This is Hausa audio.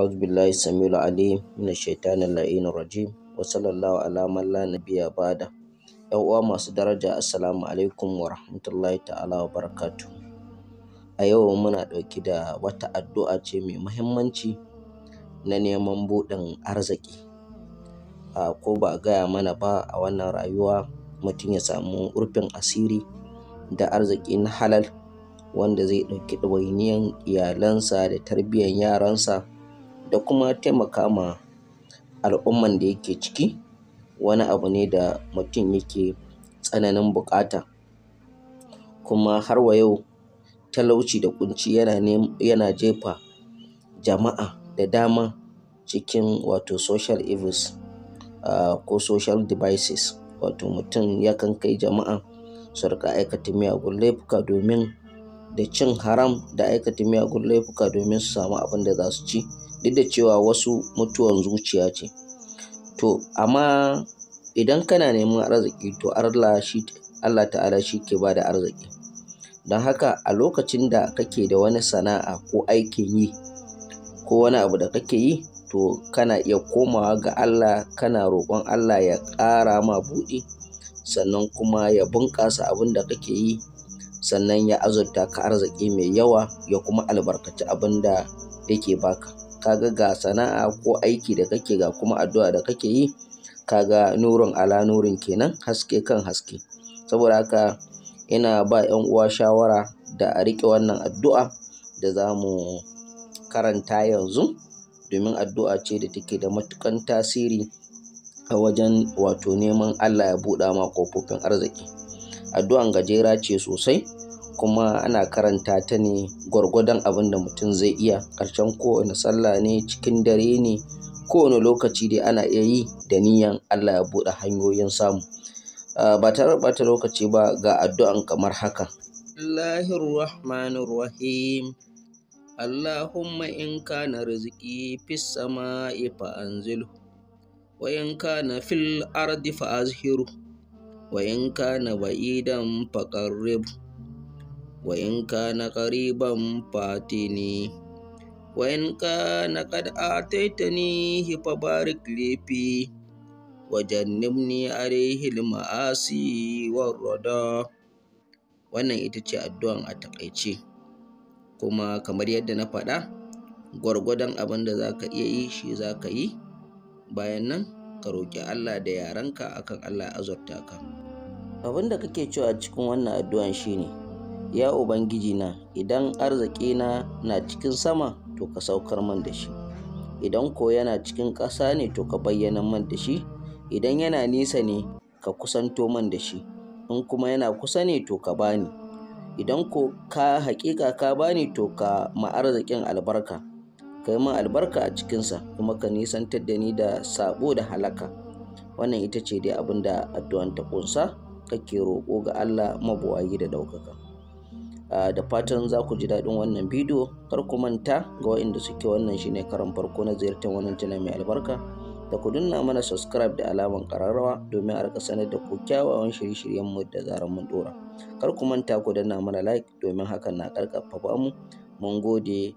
أعوذ بالله السميع العليم من الشيطان اللعين الرجيم وصلى الله على من لا نبي بعده uwa masu daraja assalamu alaikum wa rahmatullahi ta'ala wa barakatu. A yau muna ɗauki da wata addu'a ce mai muhimmanci na neman buɗin arziki. A ko ba gaya mana ba a wannan rayuwa mutum ya samu rufin asiri da arziki na halal wanda zai ɗauki ɗawainiyan iyalansa da tarbiyyan yaransa. da kuma taimaka ma al'umman da yake ciki wani abu ne da mutum yake tsananin buƙata. Kuma har wa yau talauci da ƙunci yana jefa jama'a da dama cikin wato social evils ah, ko social devices wato mutum yakan kai jama'a su riƙa aikata miyagun laifuka domin da cin haram da aikata miyagun laifuka domin su samu abin da za su ci duk da cewa wasu mutuwan zuciya ce to amma idan kana neman arziki to Allah ta'ala shi ke ba da arziki don haka a lokacin da kake da wani sana'a ko aikin yi ko wani abu da kake yi to kana iya komawa ga Allah kana roƙon Allah ya ƙara ma buɗi sannan kuma ya bunƙasa abin da kake yi sannan ya azurta ka arziki mai yawa ya kuma albarkaci abin da yake baka kaga ga sana'a ko aiki da kake ga kuma addu'a da kake yi kaga nurin ala nurin kenan haske kan haske saboda haka ina ba 'yan uwa shawara da a riƙe wannan addu'a da za mu karanta yanzu domin addu'a ce da take da matukan tasiri a wajen wato neman Allah ya buɗa ma kofofin arziki addu'an gajera ce sosai kuma ana karanta ta ne gwargwadon abin da mutum zai iya ƙarshen kowane sallah ne cikin dare ne kowane lokaci dai ana iya yi da niyan Allah ya buɗe hanyoyin samu ba tare ɓata lokaci ba ga addu'an kamar haka Bismillahirrahmanirrahim Allahumma in kana rizqi na sama'i fa anzilhu wa in na fil ardi fa وإن كان بعيدا فقرب وإن كان قريبا فاتني وإن كان قد آتيتني فبارك لي فيه وجنبني عليه المعاصي والرضا wannan ita ce addu'an a takaice kuma kamar yadda na faɗa gwargwadon abin da za ka iya yi shi za ka yi bayan nan ka roƙi Allah da yarenka akan Allah ya azurta ka abin da kake cewa a cikin wannan addu'an shine ya ubangiji na idan arziki na na cikin sama to ka saukar man da shi idan ko yana cikin ƙasa ne to ka bayyana man da shi idan yana nisa ne ka kusanto man da shi in kuma yana kusa ne to ka bani idan ko ka haƙiƙa ka bani to ka arzikin albarka ka yi albarka a cikinsa kuma ka nisantar da ni da sabo da halaka wannan ita ce dai abin da addu'an ta ƙunsa kake roƙo ga Allah mabuwayi da ɗaukaka da fatan za ku ji daɗin wannan bidiyo kar ku manta ga waɗanda suke wannan shine karan farko na ziyartar wannan tana mai albarka da ku dunna mana subscribe da alamar ƙararrawa domin a rika sanar da ku kyawawan shirye-shiryen mu da zaran mun dora kar ku manta ku danna mana like domin hakan na ba mu mun gode